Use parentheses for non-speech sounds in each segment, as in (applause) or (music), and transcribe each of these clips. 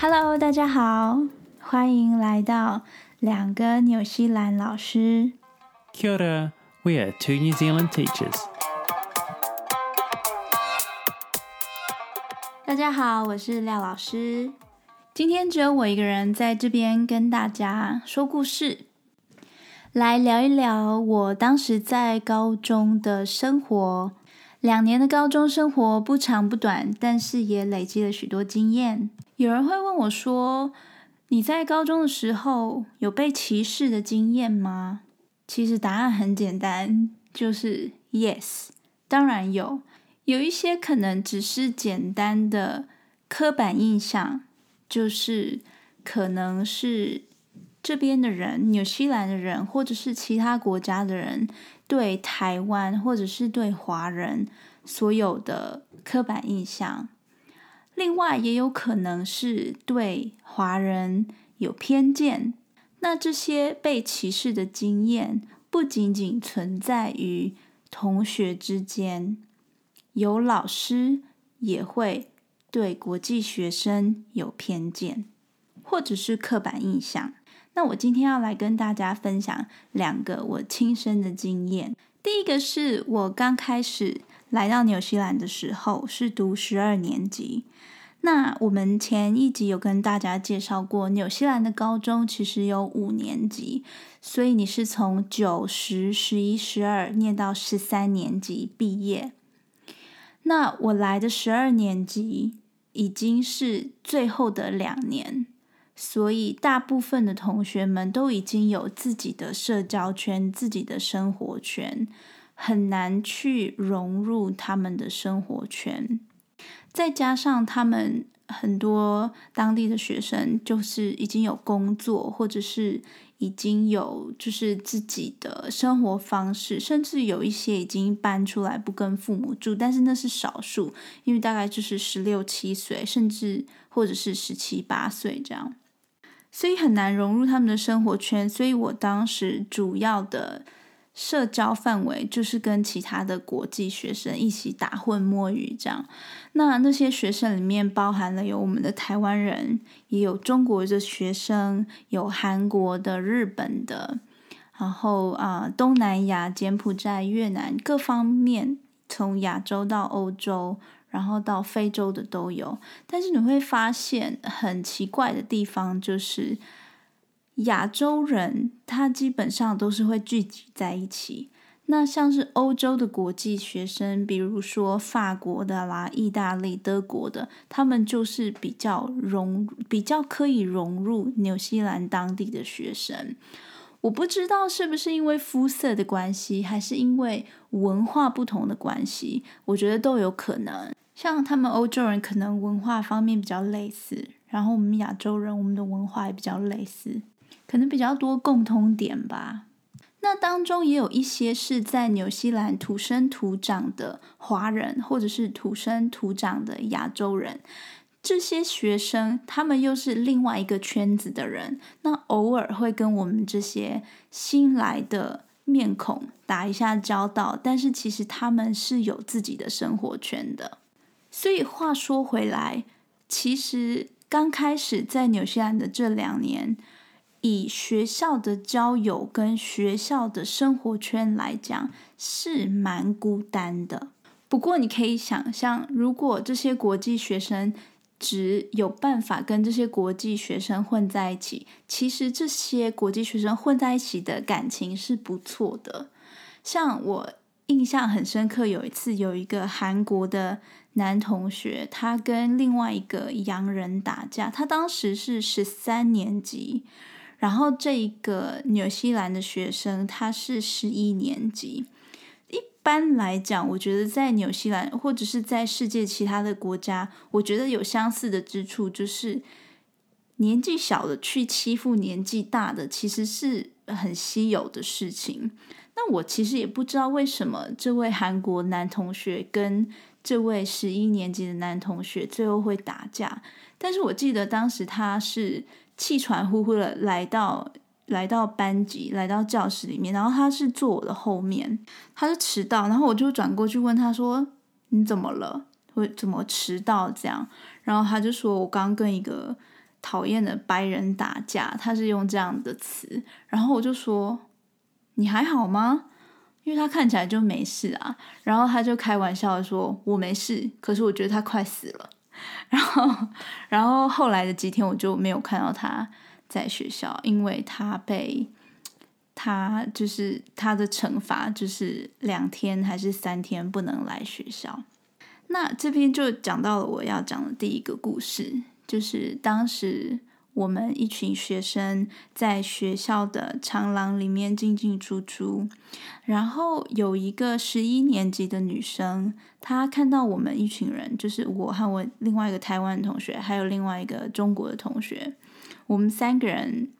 Hello，大家好，歡迎來到兩個紐西蘭老師。Kia ora，We are two New Zealand teachers。大家好，我是廖老師。今天只有我一個人在這邊跟大家說故事，來聊一聊我當時在高中的生活。兩年的高中生活不長不短，但是也累積了許多經驗。有人會問我說：“你在高中的時候有被歧視的經驗嗎？”其實答案很簡單，就是 Yes，當然有。有一些可能只是簡單的刻板印象，就是可能是這邊的人、紐西蘭的人，或者是其他國家的人。對台灣或者是對華人所有的刻板印象，另外也有可能是對華人有偏見。那這些被歧視的經驗不僅僅存在於同學之間，有老師也會對國際學生有偏見，或者是刻板印象。那我今天要來跟大家分享兩個我親身的經驗。第一個是我剛開始來到紐西蘭的時候，是讀十二年級。那我們前一集有跟大家介紹過，紐西蘭的高中其實有五年級，所以你是從九、十、十一、十二念到十三年級畢業。那我來的十二年級已經是最後的兩年。所以，大部分的同學們都已經有自己的社交圈，自己的生活圈，很難去融入他們的生活圈。再加上他們很多當地的學生，就是已經有工作，或者是已經有就是自己的生活方式，甚至有一些已經搬出來不跟父母住，但是那是少數，因為大概就是十六七歲，甚至或者是十七八歲這樣。所以很難融入他們的生活圈，所以我當時主要的社交範圍就是跟其他的國際學生一起打混摸魚這樣。那那些學生裡面包含了有我們的台灣人，也有中國的學生，有韓國的、日本的，然後啊、呃、東南亞、柬埔寨、越南各方面，從亞洲到歐洲。然後到非洲的都有，但是你會發現很奇怪的地方就是，亞洲人他基本上都是會聚集在一起。那像是歐洲的國際學生，比如說法國的啦、意大利、德國的，他們就是比較融、比較可以融入紐西蘭當地的學生。我不知道是不是因為膚色的關係，還是因為文化不同的關係，我覺得都有可能。像他們歐洲人可能文化方面比較類似，然後我們亞洲人我們的文化也比較類似，可能比較多共通點吧。那當中也有一些是在紐西蘭土生土長的華人或者是土生土長的亞洲人，這些學生他們又是另外一個圈子的人，那偶爾會跟我們這些新來的面孔打一下交道，但是其實他們是有自己的生活圈的。所以話說回來，其實剛開始在紐西蘭的這兩年，以學校的交友跟學校的生活圈來講，是蠻孤單的。不過你可以想象，如果這些國際學生只有辦法跟這些國際學生混在一起，其實這些國際學生混在一起的感情是不錯的。像我印象很深刻，有一次有一個韓國的。男同學他跟另外一個洋人打架，他當時是十三年級，然後這一個紐西蘭的學生他是十一年級。一般來講，我覺得在紐西蘭或者是在世界其他的國家，我覺得有相似的之處，就是年紀小的去欺負年紀大的，其實是很稀有的事情。那我其實也不知道為什麼這位韓國男同學跟這位十一年級的男同學最後會打架，但是我記得當時他是氣喘呼呼的來到來到班級，來到教室裡面，然後他是坐我的後面，他是遲到，然後我就轉過去問他說：“你怎麼了？會怎麼遲到？”這樣，然後他就說我剛跟一個討厭的白人打架，他是用這樣的詞，然後我就說：“你還好嗎？”因為他看起來就沒事啊，然後他就開玩笑地說：“我沒事。”可是我覺得他快死了。然後，然後後來的幾天我就沒有看到他在學校，因為他被他就是他的懲罰，就是兩天還是三天不能來學校。那這邊就講到了我要講的第一個故事，就是當時。我們一群學生在學校的長廊裡面進進出出，然後有一個十一年級的女生，她看到我們一群人，就是我和我另外一個台灣同學，還有另外一個中國的同學，我們三個人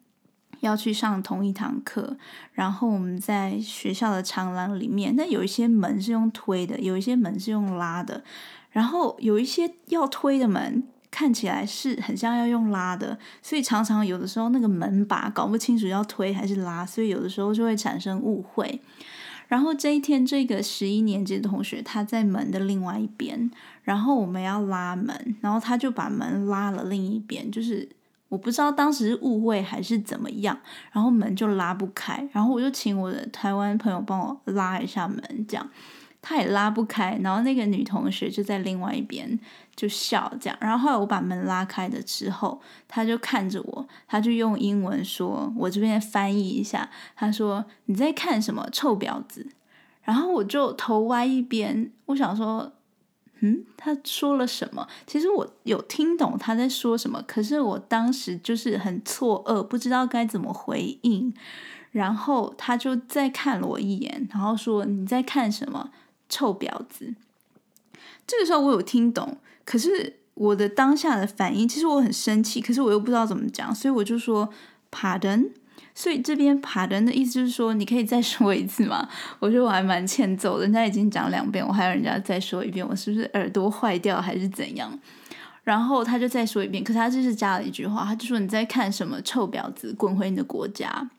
要去上同一堂課，然後我們在學校的長廊裡面，那有一些門是用推的，有一些門是用拉的，然後有一些要推的門。看起來是很像要用拉的，所以常常有的時候那個門把搞不清楚要推還是拉，所以有的時候就會產生誤會。然後這一天，這個十一年級的同學他在門的另外一邊，然後我們要拉門，然後他就把門拉了另一邊，就是我不知道當時是誤會還是怎麼樣，然後門就拉不開，然後我就請我的台灣朋友幫我拉一下門，這樣。他也拉不開，然後那個女同學就在另外一邊就笑這樣，然後後來我把門拉開了之後，他就看着我，他就用英文說：“我這邊翻譯一下。”他說：“你在看什麼，臭婊子？”然後我就頭歪一邊，我想說：“嗯，他說了什麼？”其實我有聽懂他在說什麼，可是我當時就是很錯愕，不知道該怎麼回應。然後他就再看了我一眼，然後說：“你在看什麼？”臭婊子！這個時候我有聽懂，可是我的當下的反應，其實我很生氣，可是我又不知道怎麼講，所以我就說 “Pardon”，所以這邊 “Pardon” 的意思就是說，你可以再說一次嗎？我覺得我還蠻欠揍的，人家已經講兩遍，我還要人家再說一遍，我是不是耳朵壞掉還是怎樣？然後他就再說一遍，可他就是加了一句話，他就說：“你在看什麼臭婊子？滾回你的國家！”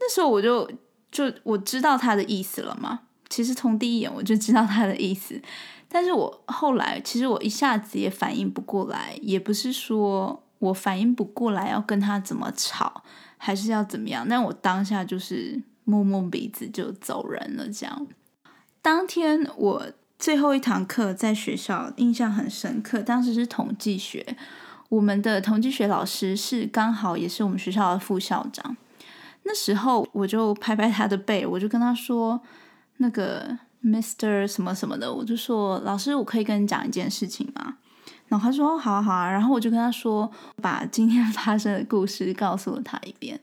那時候我就就我知道他的意思了嘛。其實從第一眼我就知道他的意思，但是我後來其實我一下子也反應不過來，也不是說我反應不過來要跟他怎麼吵，還是要怎麼樣，但我當下就是摸摸鼻子就走人了。這樣，當天我最後一堂課在學校印象很深刻，當時是統計學，我們的統計學老師是剛好也是我們學校的副校長，那時候我就拍拍他的背，我就跟他說。那個 Mister 什麼什麼的，我就說老師，我可以跟你講一件事情嗎？然後他說，哦，好啊好啊，然後我就跟他說把今天發生的故事告訴了他一遍，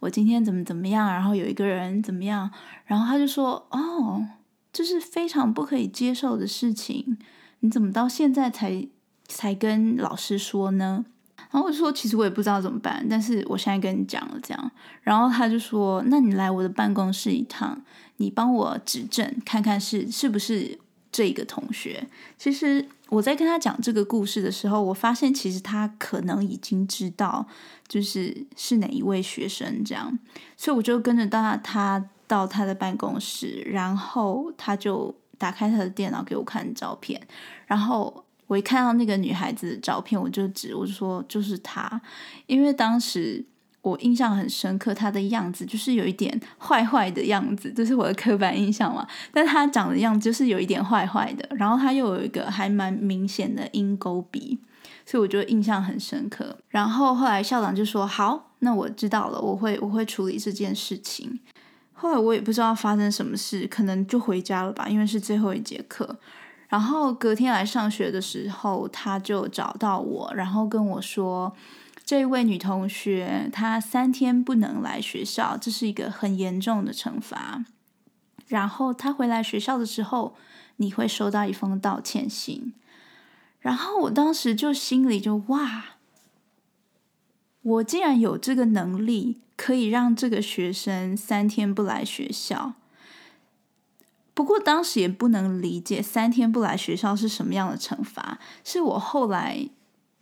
我今天怎麼怎麼樣，然後有一個人怎麼樣，然後他就說哦，這是非常不可以接受的事情，你怎麼到現在才才跟老師說呢？然後我就說，其實我也不知道怎麼辦，但是我現在跟你講了這樣。然後他就說，那你來我的辦公室一趟，你幫我指證看看是是不是這一個同學。其實我在跟他講這個故事的時候，我發現其實他可能已經知道，就是是哪一位學生這樣。所以我就跟着到他到他的辦公室，然後他就打開他的電腦給我看照片，然後。我一看到那個女孩子的照片，我就指，我就說就是她，因為當時我印象很深刻，她的樣子就是有一點壞壞的樣子，這、就是我的刻板印象嘛。但她長的樣子就是有一點壞壞的，然後她又有一個還蠻明顯的鷹鈎鼻，所以我就印象很深刻。然後後來校長就說：“好，那我知道了，我會我會處理這件事情。”後來我也不知道發生什麼事，可能就回家了吧，因為是最後一節課。然後隔天來上學的時候，他就找到我，然後跟我說：“這一位女同學，她三天不能來學校，這是一個很嚴重的懲罰。然後她回來學校的時候，你會收到一封道歉信。”然後我當時就心裡就哇，我竟然有這個能力，可以讓這個學生三天不來學校。不過當時也不能理解三天不來學校是什麼樣的懲罰，是我後來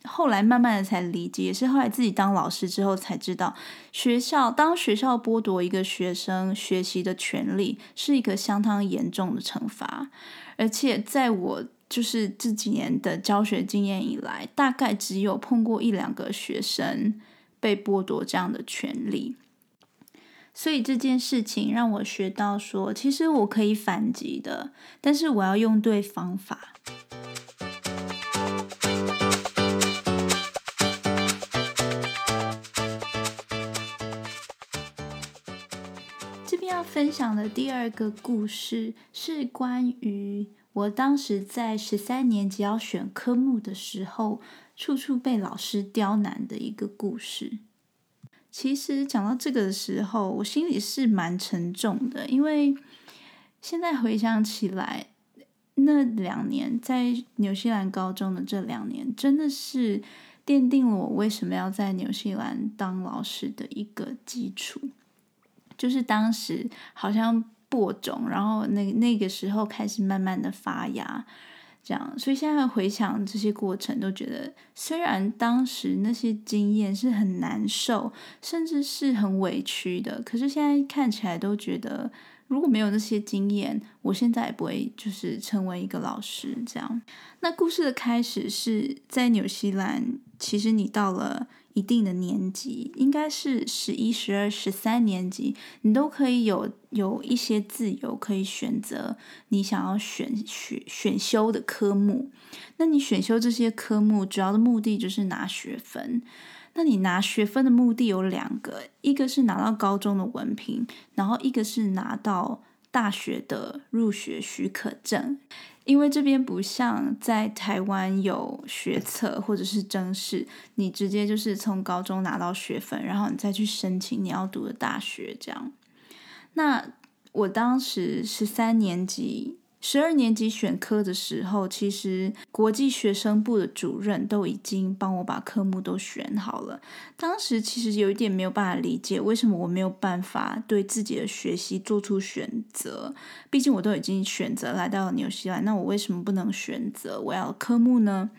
後來慢慢的才理解，也是後來自己當老師之後才知道，學校當學校剝奪一個學生學習的權利是一個相當嚴重的懲罰，而且在我就是這幾年的教學經驗以來，大概只有碰過一兩個學生被剝奪這樣的權利。所以這件事情讓我學到說，說其實我可以反擊的，但是我要用對方法。這邊要分享的第二個故事，是關於我當時在十三年級要選科目的時候，處處被老師刁難的一個故事。其實講到這個的時候，我心裡是蠻沉重的，因為現在回想起來，那兩年在紐西蘭高中的這兩年，真的是奠定了我為什麼要在紐西蘭當老師的一個基礎，就是當時好像播種，然後那那個時候開始慢慢的發芽。這樣，所以現在回想這些過程，都覺得雖然當時那些經驗是很難受，甚至是很委屈的，可是現在看起來都覺得，如果沒有那些經驗，我現在也不會就是成為一個老師這樣。那故事的開始是在紐西蘭，其實你到了。一定的年級，應該是十一、十二、十三年級，你都可以有有一些自由可以選擇你想要選選選修的科目。那你選修這些科目主要的目的就是拿學分。那你拿學分的目的有兩個，一個是拿到高中的文憑，然後一個是拿到大學的入學許可證。因為這邊不像在台灣有學測或者是甄試，你直接就是從高中拿到學分，然後你再去申請你要讀的大學這樣。那我當時是十三年級。十二年級選科的時候，其實國際學生部的主任都已經幫我把科目都選好了。當時其實有一點沒有辦法理解，為什麼我沒有辦法對自己的學習做出選擇？畢竟我都已經選擇來到了紐西蘭，那我為什麼不能選擇我要的科目呢？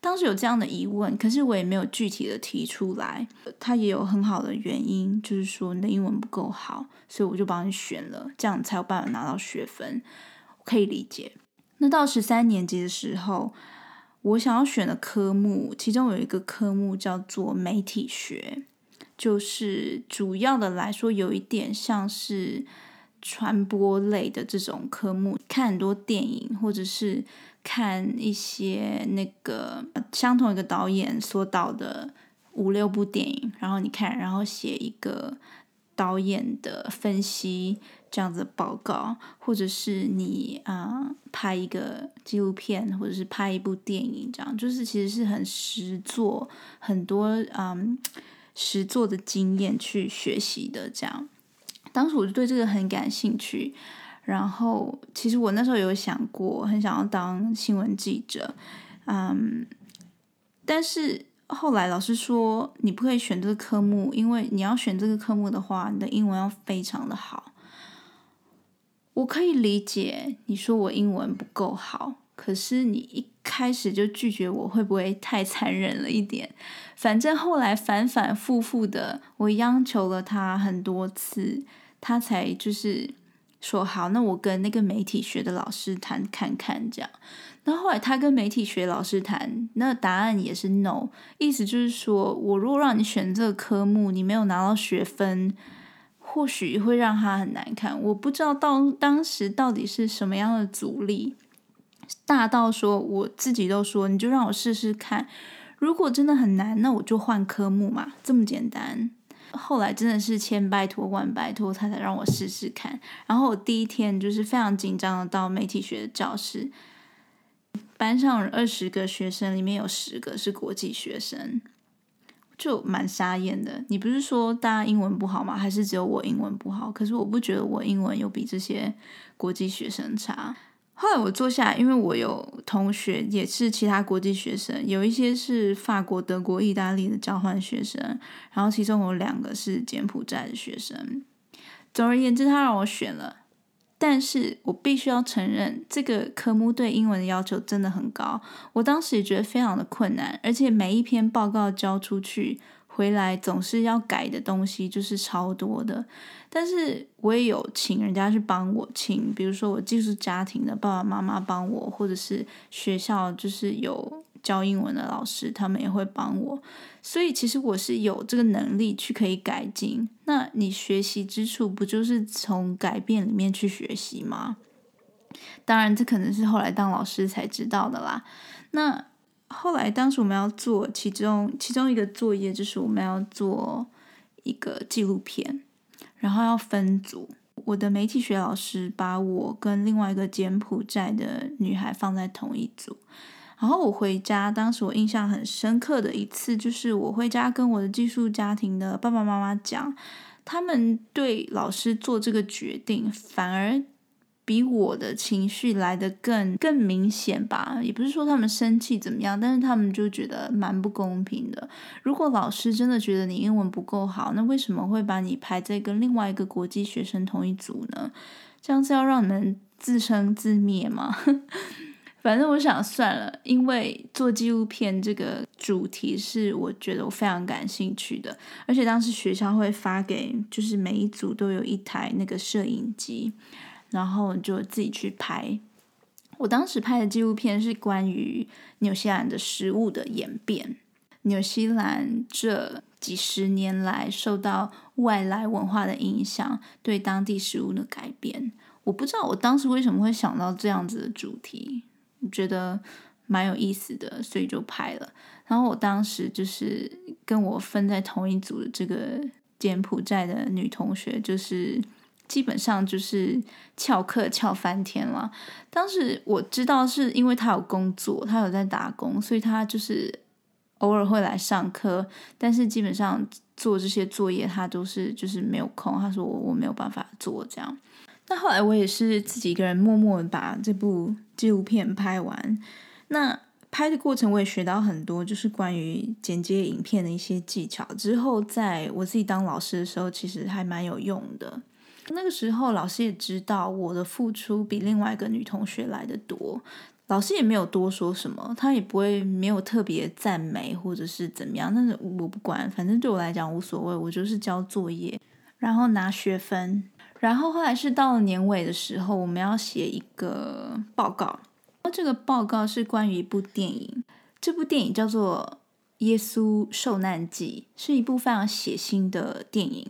當時有這樣的疑問，可是我也沒有具體的提出來。他也有很好的原因，就是說你的英文不夠好，所以我就幫你選了，這樣才有辦法拿到學分。可以理解。那到十三年級的時候，我想要選的科目，其中有一個科目叫做媒體學，就是主要的來說，有一點像是傳播類的這種科目。看很多電影，或者是看一些那個相同一個導演所導的五六部電影，然後你看，然後寫一個導演的分析。這樣子的報告，或者是你啊、嗯、拍一個紀錄片，或者是拍一部電影，這樣就是其實是很實作，很多嗯實作的經驗去學習的這樣。當時我就對這個很感興趣。然後，其實我那時候有想過，很想要當新聞記者，嗯，但是後來老師說你不可以選這個科目，因為你要選這個科目的話，你的英文要非常的好。我可以理解你說我英文不夠好，可是你一開始就拒絕我會不會太殘忍了一點？反正後來反反复复的，我央求了他很多次，他才就是說好，那我跟那個媒體學的老師談看看這樣。那後，後來他跟媒體學老師談，那答案也是 no，意思就是說我如果讓你選這個科目，你沒有拿到學分。或許會讓他很難看，我不知道到當時到底是什麼樣的阻力大到說我自己都說，你就讓我試試看，如果真的很難，那我就換科目嘛，這麼簡單。後來真的是千拜託萬拜託，他才讓我試試看。然後我第一天就是非常緊張的到媒體學的教室，班上二十個學生裡面有十個是國際學生。就蠻傻眼的。你不是說大家英文不好嗎？還是只有我英文不好？可是我不覺得我英文有比這些國際學生差。後來我坐下來，因為我有同學也是其他國際學生，有一些是法國、德國、意大利的交換學生，然後其中有兩個是柬埔寨的學生。總而言之，他讓我選了。但是我必須要承認，這個科目對英文的要求真的很高。我當時也覺得非常的困難，而且每一篇報告交出去。回來總是要改的東西就是超多的，但是我也有請人家去幫我，請，比如說我寄宿家庭的爸爸媽媽幫我，或者是學校就是有教英文的老師，他們也會幫我，所以其實我是有這個能力去可以改進。那你學習之處不就是從改變裡面去學習嗎？當然，這可能是後來當老師才知道的啦。那。後來，當時我們要做其中其中一個作業，就是我們要做一個紀錄片，然後要分組。我的媒體學老師把我跟另外一個柬埔寨的女孩放在同一組。然後我回家，當時我印象很深刻的一次，就是我回家跟我的寄宿家庭的爸爸媽媽講，他們對老師做這個決定反而。比我的情緒來得更更明顯吧，也不是說他們生氣怎麼樣，但是他們就覺得蠻不公平的。如果老師真的覺得你英文不夠好，那為什麼會把你排在跟另外一個國際學生同一組呢？這樣子要讓你們自生自滅嗎？ (laughs) 反正我想算了，因為做紀錄片這個主題是我覺得我非常感興趣的，而且當時學校會發給，就是每一組都有一台那個攝影機。然後就自己去拍。我當時拍的紀錄片是關於紐西蘭的食物的演變，紐西蘭這幾十年來受到外來文化的影響，對當地食物的改變。我不知道我當時為什麼會想到這樣子的主題，我覺得蠻有意思的，所以就拍了。然後我當時就是跟我分在同一組的這個柬埔寨的女同學，就是。基本上就是翹課翹翻天了。當時我知道是因為他有工作，他有在打工，所以他就是偶爾會來上課，但是基本上做這些作業他、就是，他都是就是沒有空。他說我我沒有辦法做這樣。那後來我也是自己一個人默默的把這部紀錄片拍完。那拍的過程我也學到很多，就是關於剪接影片的一些技巧。之後在我自己當老師的時候，其實還蠻有用的。那個時候，老師也知道我的付出比另外一個女同學來得多，老師也沒有多說什麼，他也不會沒有特別讚美或者是怎麼樣。但是我不管，反正對我來講無所謂，我就是交作業，然後拿學分。然後後來是到了年尾的時候，我們要寫一個報告，這個報告是關於一部電影，這部電影叫做《耶穌受難記》，是一部非常血腥的電影。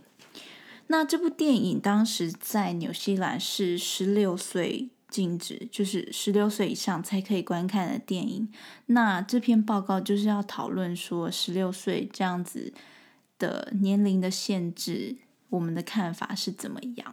那這部電影當時在紐西蘭是十六歲禁止，就是十六歲以上才可以觀看的電影。那這篇報告就是要討論說，十六歲這樣子的年齡的限制，我們的看法是怎麼樣？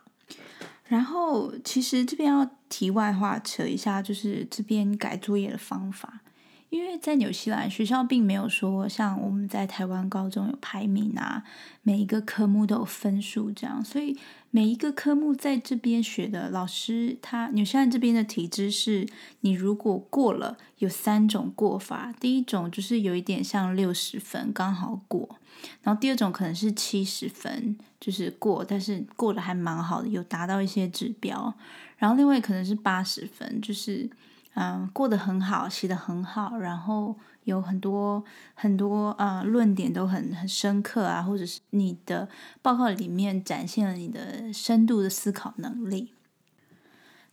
然後，其實這邊要題外話扯一下，就是這邊改作業的方法。因為在紐西蘭學校並沒有說像我們在台灣高中有排名啊，每一個科目都有分數這樣，所以每一個科目在這邊學的老師他，紐西蘭這邊的體制是你如果過了，有三種過法。第一種就是有一點像六十分剛好過，然後第二種可能是七十分就是過，但是過得還蠻好的，有達到一些指標，然後另外可能是八十分就是，嗯、呃，過得很好，寫得很好，然後有很多很多呃論點都很很深刻啊，或者是你的報告裡面展現了你的深度的思考能力。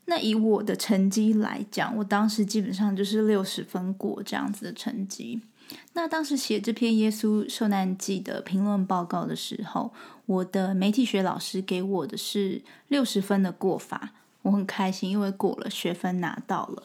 那以我的成績來講，我當時基本上就是六十分過這樣子的成績。那當時寫這篇《耶穌受難記》的評論報告的時候，我的媒體學老師給我的是六十分的過法，我很開心，因為過了，學分拿到了。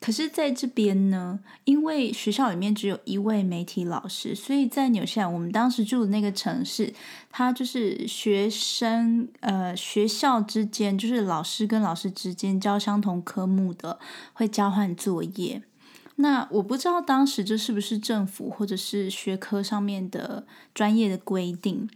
可是，在這邊呢，因為學校裡面只有一位媒體老師，所以在紐西蘭，我們當時住的那個城市，他就是學生呃，學校之間就是老師跟老師之間交相同科目的會交換作業。那我不知道當時這是不是政府或者是學科上面的專業的規定。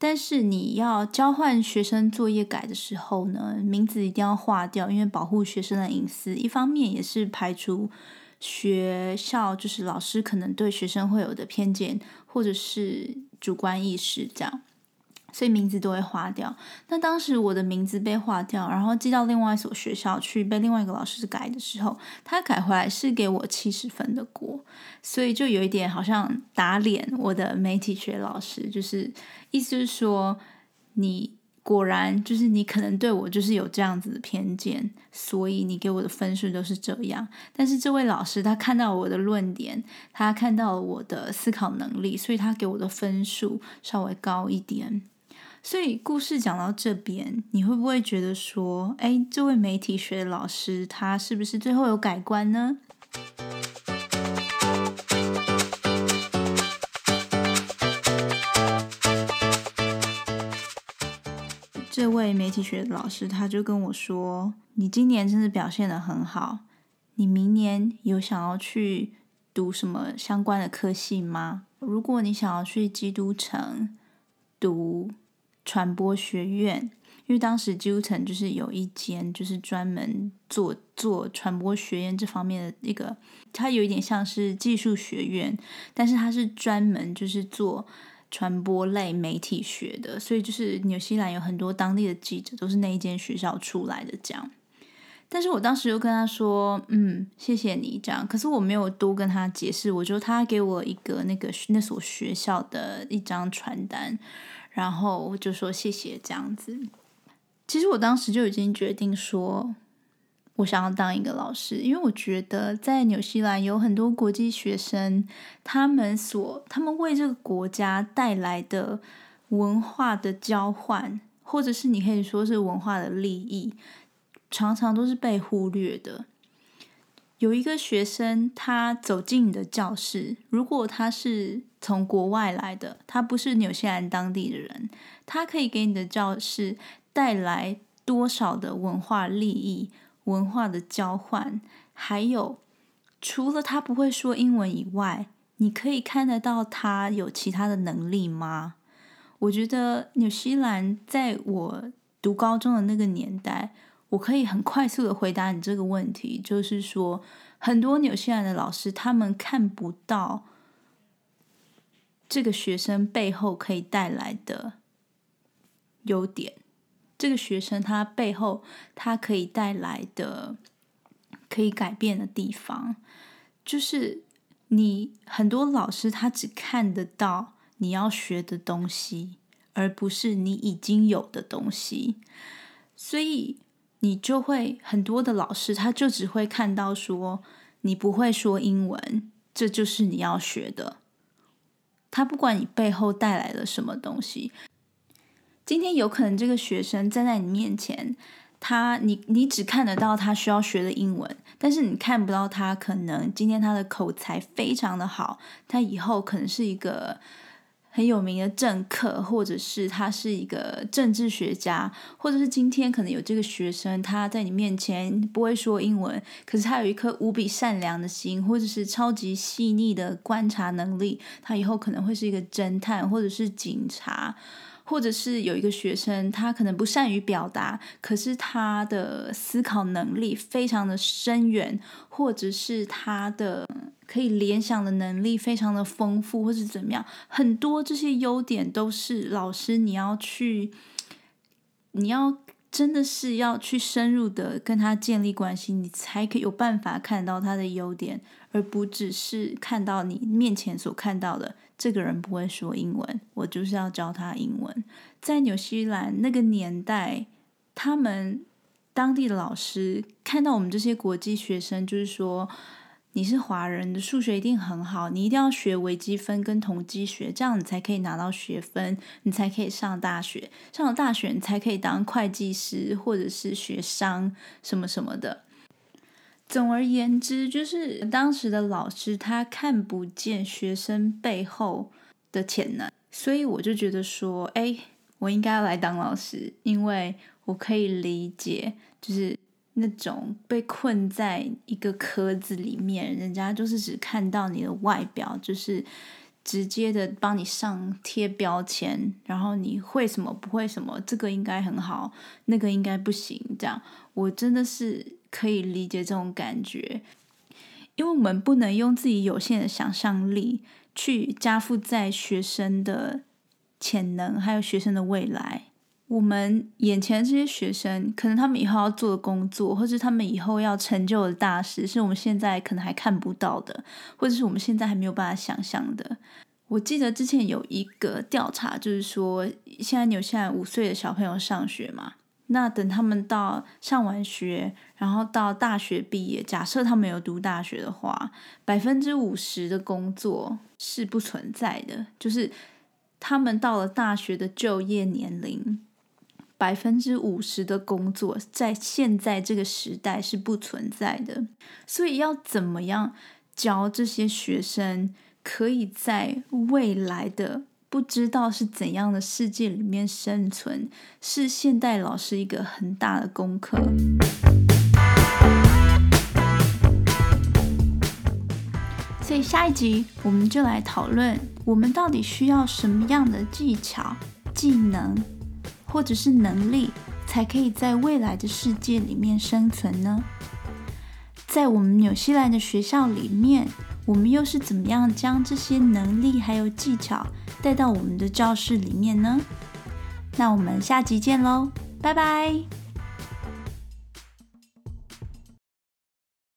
但是你要交換學生作業改的時候呢，名字一定要劃掉，因為保護學生的隱私。一方面也是排除學校，就是老師可能對學生會有的偏見，或者是主觀意識這樣。所以名字都會劃掉。那當時我的名字被劃掉，然後寄到另外一所學校去，被另外一個老師改的時候，他改回來是給我七十分的過。所以就有一點好像打臉我的媒體學老師，就是意思是說，你果然就是你可能對我就是有這樣子的偏見，所以你給我的分數都是這樣。但是這位老師他看到我的論點，他看到了我的思考能力，所以他給我的分數稍微高一點。所以故事講到這邊，你會不會覺得說，哎，這位媒體學的老師他是不是最後有改觀呢？這位媒體學的老師他就跟我說：“你今年真的表現得很好，你明年有想要去讀什麼相關的科系嗎？如果你想要去基督城讀。”傳播學院，因為當時 j u 成就是有一間就是專門做做傳播學院這方面的一個，它有一點像是技術學院，但是它是專門就是做傳播類媒體學的，所以就是紐西蘭有很多當地的記者都是那一間學校出來的，這樣。但是我當時就跟他說，嗯，謝謝你這樣。可是我沒有多跟他解釋，我就他給我一個那個那所學校的一張傳單，然後我就說謝謝這樣子。其實我當時就已經決定說，我想要當一個老師，因為我覺得在紐西蘭有很多國際學生，他們所他們為這個國家帶來的文化的交換，或者是你可以說是文化的利益，常常都是被忽略的。有一個學生，他走進你的教室，如果他是從國外來的，他不是紐西蘭當地的人，他可以給你的教室帶來多少的文化利益、文化的交換。還有，除了他不會說英文以外，你可以看得到他有其他的能力嗎？我覺得紐西蘭在我讀高中的那個年代，我可以很快速的回答你這個問題，就是說，很多紐西蘭的老師他們看不到這個學生背後可以帶來的優點，這個學生他背後他可以帶來的可以改變的地方，就是你很多老師他只看得到你要學的東西，而不是你已經有的東西，所以。你就會很多的老師，他就只會看到說你不會說英文，這就是你要學的。他不管你背後帶來了什麼東西，今天有可能這個學生站在你面前，他你你只看得到他需要學的英文，但是你看不到他，可能今天他的口才非常的好，他以後可能是一個。很有名的政客，或者是他是一個政治學家，或者是今天可能有這個學生，他在你面前不會說英文，可是他有一顆無比善良的心，或者是超級細膩的觀察能力。他以後可能會是一個偵探，或者是警察，或者是有一個學生，他可能不善於表達，可是他的思考能力非常的深遠，或者是他的。可以聯想的能力非常的豐富，或是怎麼樣，很多這些優點都是老師你要去，你要真的是要去深入的跟他建立關係，你才可以有辦法看到他的優點，而不只是看到你面前所看到的。這個人不會說英文，我就是要教他英文。在紐西蘭那個年代，他們當地的老師看到我們這些國際學生，就是說。你是華人，你的數學一定很好，你一定要學微積分跟統計學，這樣你才可以拿到學分，你才可以上大學。上了大學，你才可以當會計師或者是學商什麼什麼的。總而言之，就是當時的老師他看不見學生背後的潛能，所以我就覺得說，哎，我應該要來當老師，因為我可以理解，就是。那種被困在一個殼子裡面，人家就是只看到你的外表，就是直接的幫你上貼標籤，然後你會什麼不會什麼，這個應該很好，那個應該不行。這樣，我真的是可以理解這種感覺，因為我們不能用自己有限的想象力去加負在學生的潛能，還有學生的未來。我們眼前的這些學生，可能他們以後要做的工作，或者是他們以後要成就的大事，是我們現在可能還看不到的，或者是我們現在還沒有辦法想象的。我記得之前有一個調查，就是說，現在有現在五歲的小朋友上學嘛？那等他們到上完學，然後到大學畢業，假設他們有讀大學的話，百分之五十的工作是不存在的，就是他們到了大學的就業年齡。百分之五十的工作在現在這個時代是不存在的，所以要怎麼樣教這些學生可以在未來的不知道是怎樣的世界裡面生存，是現代老師一個很大的功課。所以下一集我們就來討論，我們到底需要什麼樣的技巧、技能。或者是能力，才可以在未來的世界裡面生存呢？在我們紐西蘭的學校裡面，我們又是怎麼樣將這些能力還有技巧帶到我們的教室裡面呢？那我們下集見嘍，拜拜。